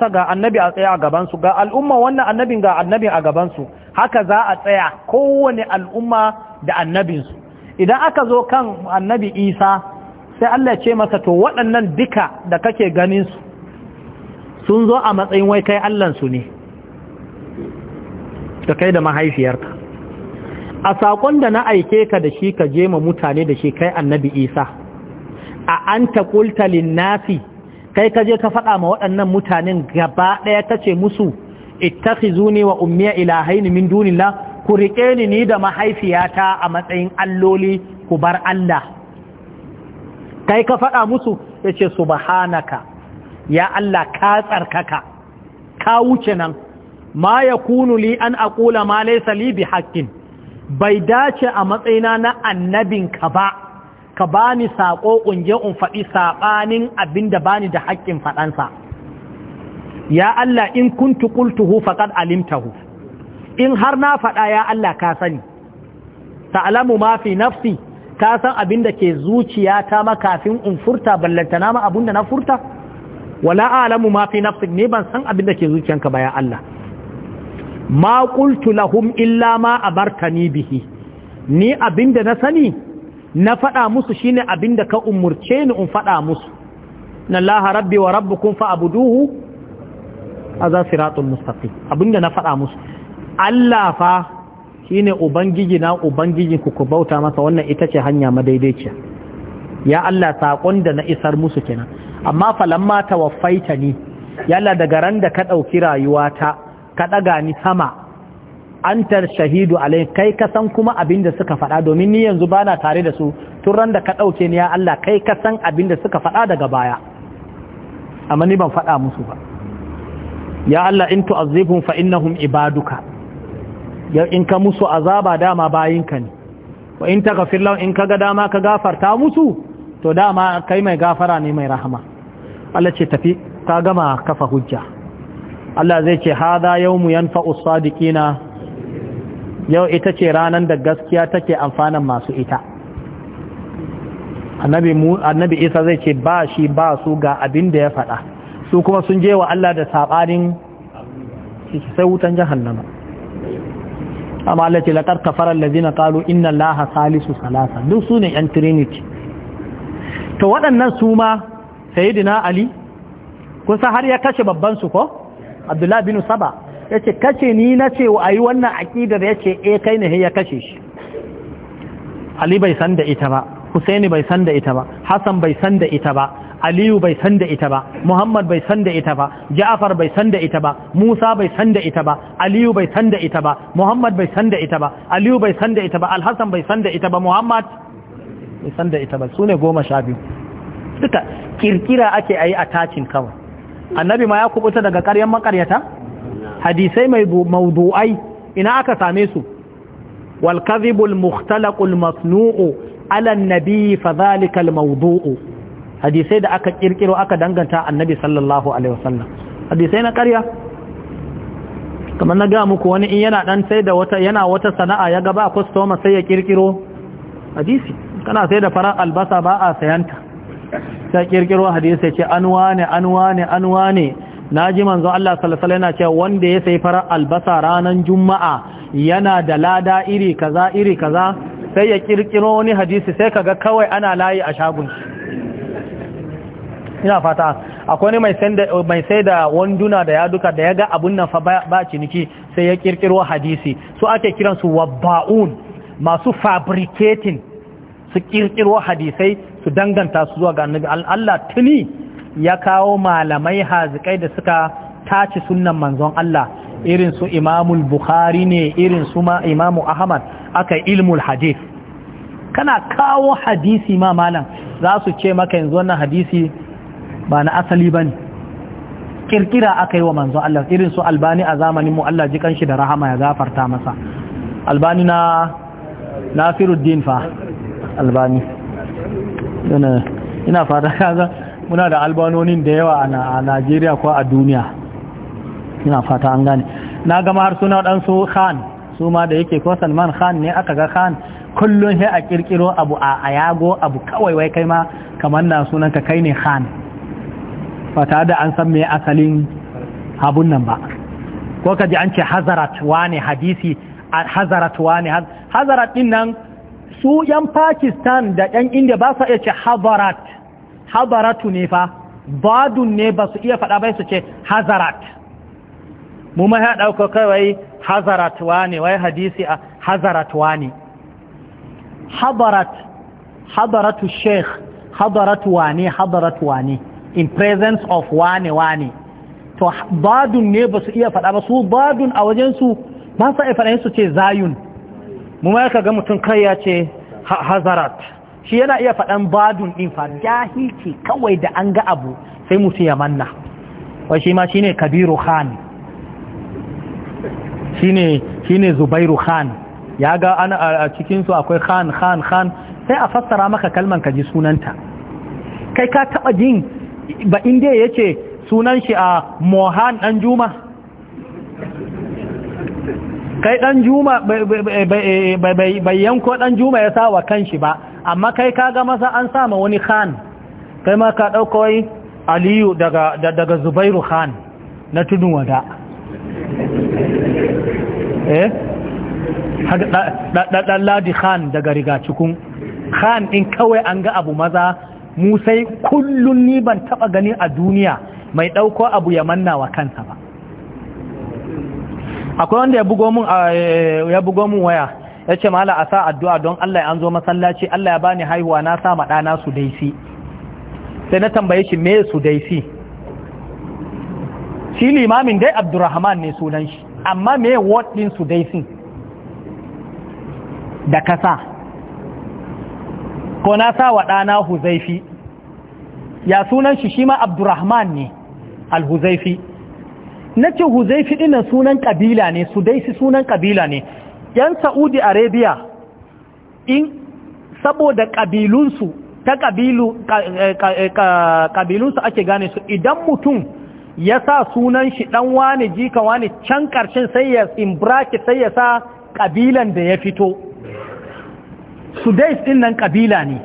sa ga annabi a tsaya a gabansu ga al'umma wannan annabin ga annabi a gabansu haka za a tsaya kowane al'umma da annabinsu idan aka zo kan annabi isa sai Allah ce masa to waɗannan duka da kake ganinsu sun zo a matsayin wai kai su ne ta kai da mahaifiyarka a saƙon da na aike ka da shi ka je ma mutane da shi kai annabi isa a an ta taƙulta linnasi kai ka je ka faɗa ma waɗannan mutanen gaba ɗaya ka ce musu ittakhizuni wa ummiya ni min ku riƙe ni ni da mahaifiyata a matsayin alloli ku bar Allah kai ka faɗa musu ya yace subhanaka ya Allah ka tsarkaka ka wuce nan ma ya kunu li an akula ma laisa li bi haƙƙin bai dace a matsayina na annabinka ba ka bani saƙo ƙunje in faɗi saɓanin abin da bani da haƙƙin faɗansa ya Allah in kuntu qultuhu faqad alimtahu in har na faɗa ya Allah ka sani ta'lamu ma fi nafsi ka san abin da ke zuciya zuciyata makafin in furta ballantana ma abin da na furta wala a'lamu ma fi nafsi ne ban san abin da ke zuciyanka ba ya Allah ma qultu lahum illa ma a bartani bihi ni abinda na sani na faɗa musu shine abinda ka umurce ni in faɗa musu na Allah rabbi wa rabbukum abuduhu aza siratul mustaqim abinda na faɗa musu Allah fa shine ubangiji na ubangiji ku ku bauta masa wannan ita ce hanya madaidaiciya ya Allah sakon da na isar musu kenan amma falamma tawaffaitani ya Allah daga ran da ka ɗauki rayuwata ka ɗaga ni sama antar shahidu alai kai ka san kuma abin da suka faɗa domin ni yanzu bana tare da su tun ran da ka ɗauke ni ya Allah kai ka san abin da suka faɗa daga baya amma ni ban faɗa musu ba ya Allah in tu'azzibhum fa innahum ibaduka ya in ka musu azaba dama bayinka ne wa in taghfir lahum in kaga dama ka gafarta musu to dama kai mai gafara ne mai rahama Allah ce tafi ka gama kafa hujja Allah zai ce hada yawmu yanfa'u sadiqina yau ita ce ranar da gaskiya take amfanan masu ita annabi isa zai ce ba shi ba su ga abin da ya faɗa su kuma sun je wa Allah da sabarin sai wutan jahannama amma Allah ce laqad kafara lazina qalu inna laha salisu salasa duk su ne ‘yan trinity to waɗannan su ma sayyidina ali kusa har ya kashe babban su ko abdullahi bin saba ya ce kace ni na ce a yi wannan aƙidar ya ce e kai ne ya kashe shi ali bai san da ita ba husaini bai san da ita ba hassan bai san da ita ba aliyu bai san da ita ba muhammad bai san da ita ba ja'afar bai san da ita ba musa bai san da ita ba aliyu bai san da ita ba muhammad bai san da ita ba aliyu bai san da ita ba alhassan bai san da ita ba muhammad bai san da ita ba su ne goma sha biyu duka kirkira ake a yi a kawai annabi ma ya kubuta daga ƙaryan makaryata hadisai mai maudu'ai ina aka same su wal kadhibul mukhtalaqul masnu'u ala annabi fa dhalika al mawdu'u hadisai da aka kirkiro aka danganta annabi sallallahu alaihi wasallam hadisai na ƙarya kamar na ga muku wani in yana dan sai da wata yana wata sana'a ya gaba customer sai ya kirkiro hadisi kana sai da farar albasa ba a sayanta ta kirkiro hadisi ce an wane an wane an wane na ji manzo Allah sallallahu alaihi wasallam cewa wanda ya sai farar albasa ranar juma'a yana da lada iri kaza iri kaza sai ya kirkiro wani hadisi sai kaga kawai ana layi a shagun ina fata akwai mai sanda mai sai da wanduna da ya duka da yaga abun nan fa ba ciniki sai ya kirkiro hadisi su ake kiransu wabba'un masu fabricating su kirkiro hadisai su danganta su zuwa ga annabi Allah tuni ya kawo malamai hazikai da suka tace sunnan manzon Allah irin su imamul bukhari ne irin su ma imamu ahmad aka ilmul hadith kana kawo hadisi ma malam za su ce maka yanzu wannan hadisi ba na asali ba ne kirkira aka yi wa manzon Allah irin su albani a zamanin mu Allah ji kanshi da rahama ya gafarta masa albani na nasiruddin fa albani ina fata (laughs) kaza muna da albanonin da yawa a najeriya ko a duniya ina fata an gane na gama har suna waɗansu khan su ma da yake ko salman khan ne aka ga khan kullum sai a kirkiro abu a ayago abu kawai wai kai ma kamar na sunan ka kai ne khan Fata da an san me asalin abun nan ba ko ka ji an ce hazarat wane hadisi hazarat wane hazarat din nan su yan pakistan da yan india ba su iya ce hazarat hazaratu ne fa badun ne ba su iya faɗa bai su ce hazarat mu ma ya ɗauka kawai wa ne wai hadisi a wa ne hazarat Hazaratu sheikh ne, wane wa ne, in presence of wa ne. to badun ne ba su iya faɗa ba su badun a wajensu ba su iya faɗa su ce zayun mu ma ka ga mutum kai ya ce hazarat shi yana iya faɗan badun ɗin fa jahilci kawai da an ga abu sai mutum ya manna wai shi ma shi ne kabiru khan shi ne zubairu khan ya ga ana a cikinsu akwai khan khan khan sai a fassara maka kalman ka ji sunanta kai ka taɓa jin ba inda ya ce sunan shi a mohan ɗan juma kai dan juma bai yanko dan juma ya sa wa kanshi ba amma kai kaga masa an sama wani khan kai ma ka daukawai aliyu daga daga zubairu khan na tudun wada (laughs) eh dan ladi khan daga riga cikun khan din kawai an ga abu maza musai kullun ni ban taba gani a duniya mai dauko abu ya manna wa kansa ba akwai wanda ya bugo mun ah, eh, ya bugo mun waya yace mala a sa addu'a don Allah ya an zo masallaci Allah ya bani haihuwa na sa ma dana su daisi sai na tambaye shi me su daisi shi limamin dai Abdurrahman ne sunan shi amma me word din su daisi da kasa ko na sa wa dana Huzaifi ya sunan shi shi ma Abdurrahman ne alhuzaifi? na ce huzaifi ɗinan sunan kabila ne su su sunan kabila ne ‘yan saudi arabia in saboda ƙabilunsu ta kabilunsu eh, eh, ake gane su idan mutum ya sa sunan shi ɗan wane jika wane can ƙarshen sai ya in bracket sai ya sa ƙabilan da ya fito su dai su ƙabila ne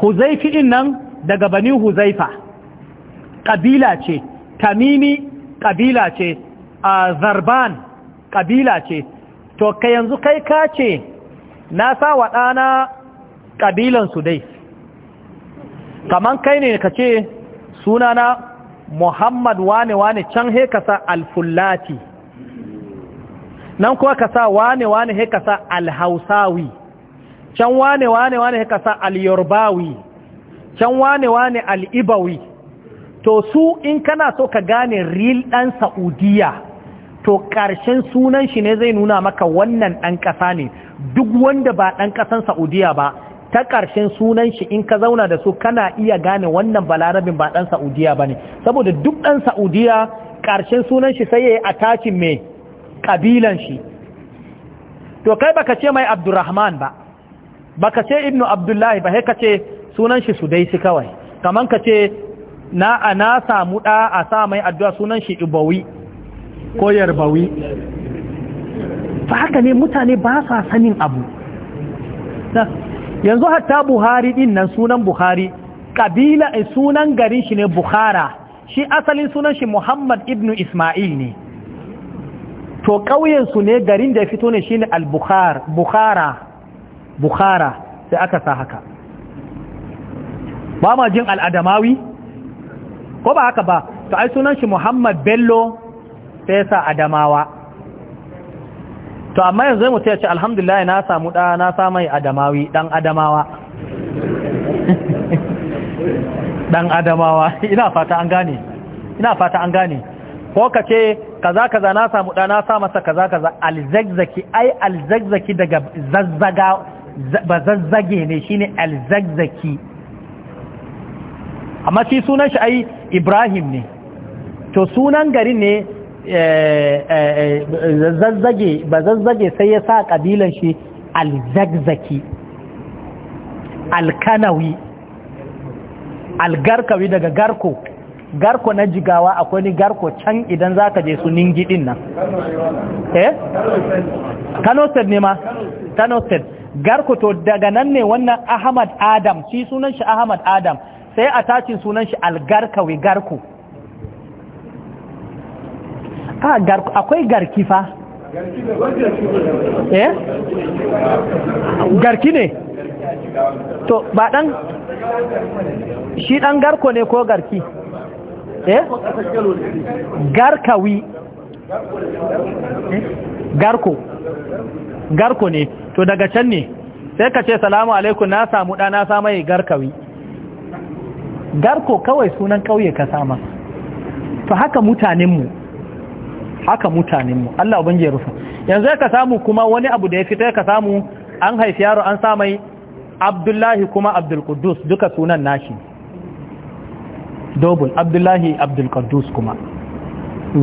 huzaifi ɗin daga bani huzaifa ƙabila ce tamimi kabila ce a zarban kabila ce to ka yanzu kai ka ce na sa wa ɗana ƙabilansu dai kaman kai ne ka ce sunana muhammad wane wane can he ka sa alfullati nan kuwa ka sa wane wane he ka sa alhausawi can wane wane wane he ka sa alyorbawi can wane wane al'ibawi to su in kana so ka gane real dan saudiya to karshen sunan shi ne zai nuna maka wannan dan kasa ne duk wanda ba dan ƙasan saudiya ba ta karshen sunan shi in ka zauna da su kana iya gane wannan balarabin ba dan saudiya ba ne saboda duk dan saudiya karshen sunan shi sai ya yi attachin mai kabilan shi to kai baka ce mai abdurrahman ba baka ce ibnu abdullahi ba sai ka sunan shi su dai su kawai kaman ka ce na a na samu ɗa a sa mai addu'a sunan shi ibawi ko yarbawi fa haka ne mutane ba sa sanin abu yanzu hatta buhari din nan sunan buhari kabila eh, sunan garin shi ne bukhara shi asalin sunan shi muhammad ibnu ismail ne to ƙauyensu ne garin da ya fito ne shine al-bukhara sai aka sa haka ba ma jin al'adamawi ko ba haka ba to ai sunan shi Muhammad Bello sai sa Adamawa to amma yanzu mu ce alhamdulillah na samu da na samai Adamawi dan Adamawa dan (laughs) Adamawa (laughs) ina fata an gane ina fata an gane ko ka ce kaza kaza na samu da na sa masa kaza kaza alzagzaki ai alzagzaki daga zazzaga ba zazzage ne shine alzagzaki amma shi sunan shi ai ibrahim ne to sunan garin ne eh, eh, eh, zazzage ba zazzage sai ya sa kabilan shi alzagzaki alkanawi algarkawi daga garko garko na jigawa akwai ni garko can idan za ka je su ningi din nan eh kano state ne ma kano state garko to daga nan ne wannan ahmad adam shi sunan shi ahmad adam sai a tacin sunan shi algarka wai garku ah, akwai garki fa eh garki ne to ba dan shi dan garko ne ko garki eh garkawi garko garko ne to daga can ne sai ka ce salamu alaikum na samu dana samai garkawi garko kawai sunan kauye ka sama to haka mutanenmu haka mutanenmu Allah ubangiji ya rufa yanzu ka samu kuma wani abu da ya fito ka samu an haifi yaro an sa mai Abdullahi kuma Abdul Quddus duka sunan nashi double Abdullahi Abdul Quddus kuma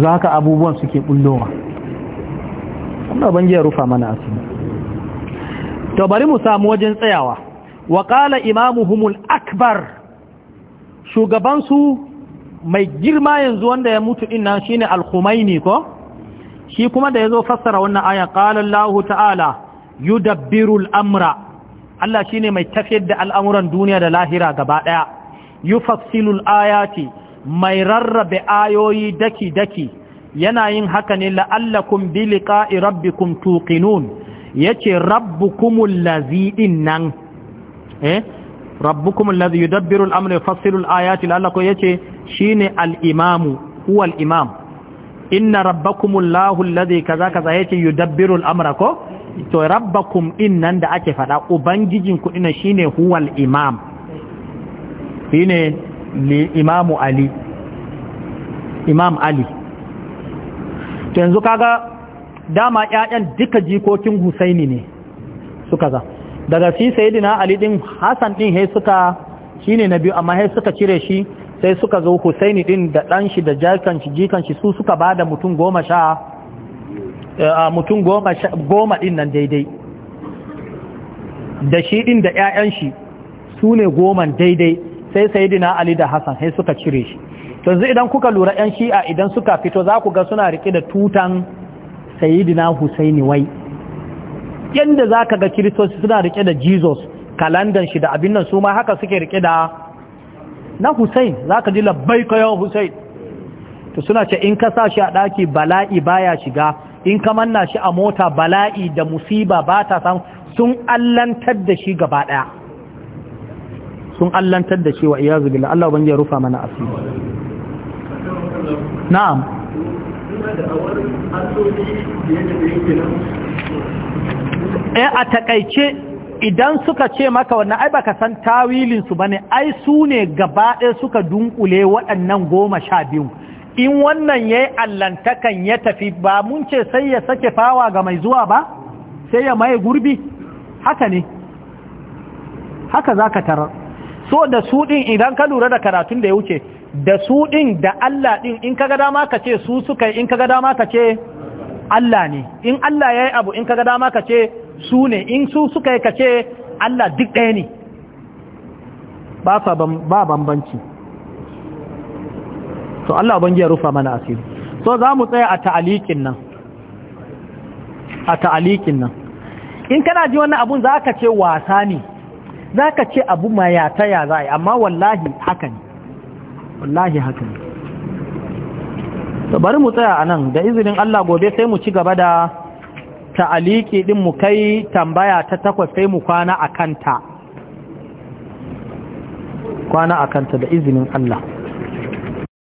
zaka abubuwan suke bullowa Allah ubangiji ya rufa mana asiri to bari mu samu wajen tsayawa wa qala imamuhumul akbar shugabansu mai girma yanzu wanda ya mutu din nan shine al-Khumaini ko shi kuma da ya zo fassara wannan aya qala ta'ala yudabbiru al-amra Allah shine mai tafiyar da al'amuran duniya da lahira gaba ɗaya yufassilu al-ayati mai rarrabe ayoyi daki daki yana yin haka ne la'allakum bi rabbikum tuqinun yace rabbukumul ladhi nan eh rabbukum alladhi yudabbiru al-amra yufassilu al-ayati la'allakum yace shine al-imamu huwa al-imam inna rabbakum allahu alladhi kaza kaza yace yudabbiru al-amra ko to rabbakum innan da ake fada ubangijin ku ina shine huwa al-imam shine li imamu ali imam ali to yanzu kaga dama ƴaƴan duka jikokin husaini ne suka za daga si sayidina ali din hasan din sai suka shine na biyu amma sai suka cire shi sai suka zo husaini din da dan shi da jalkan shi jikan shi su suka bada mutum goma sha eh, mutum goma goma din nan daidai da shi din da ƴaƴan shi su ne goman daidai sai sayidina ali da hasan sai suka cire shi yanzu idan kuka lura ƴan shi'a idan suka fito za ku ga suna rike da tutan sayidina husaini wai yadda za ka ga kiristoci suna rike da jesus kalandan shi da abin nan su ma haka suke rike da na hussein za ka ji labbai kayan hussein to suna ce in ka sa shi a ɗaki bala'i baya shiga in ka manna shi a mota bala'i da musiba ba ta samu sun allantar da shi gaba ɗaya sun allantar da shi wa iyazu billah Allah ban ya rufa mana asiri na'am eh a takaice idan suka ce maka wannan ai baka san tawilin su bane ai su ne gaba ɗaya suka dunkule waɗannan goma sha biyu in wannan ya yi allantakan ya tafi ba mun ce sai ya sake fawa ga mai zuwa ba sai ya maye gurbi haka ne haka za ka tarar so da su ɗin idan ka lura da karatun da ya wuce da su ɗin da Allah din in ka dama ka ce su suka yi in ka dama ka ce Allah ne in Allah ya yi abu in ka dama ka ce su ne in su suka yi kace Allah duk ɗaya ne ba bambanci so Allah ban jiya rufa mana asiri so za mu tsaya a ta'alikin nan a ta'alikin nan in kana ji wannan abun za ka ce wasa ne za ka ce abu mayataya za a yi amma wallahi haka ne wallahi haka ne bari mu tsaya a nan da izinin Allah gobe sai mu ci gaba da ta'aliki din mu kai tambaya ta takwas sai mu kwana a kanta kwana a kanta da izinin Allah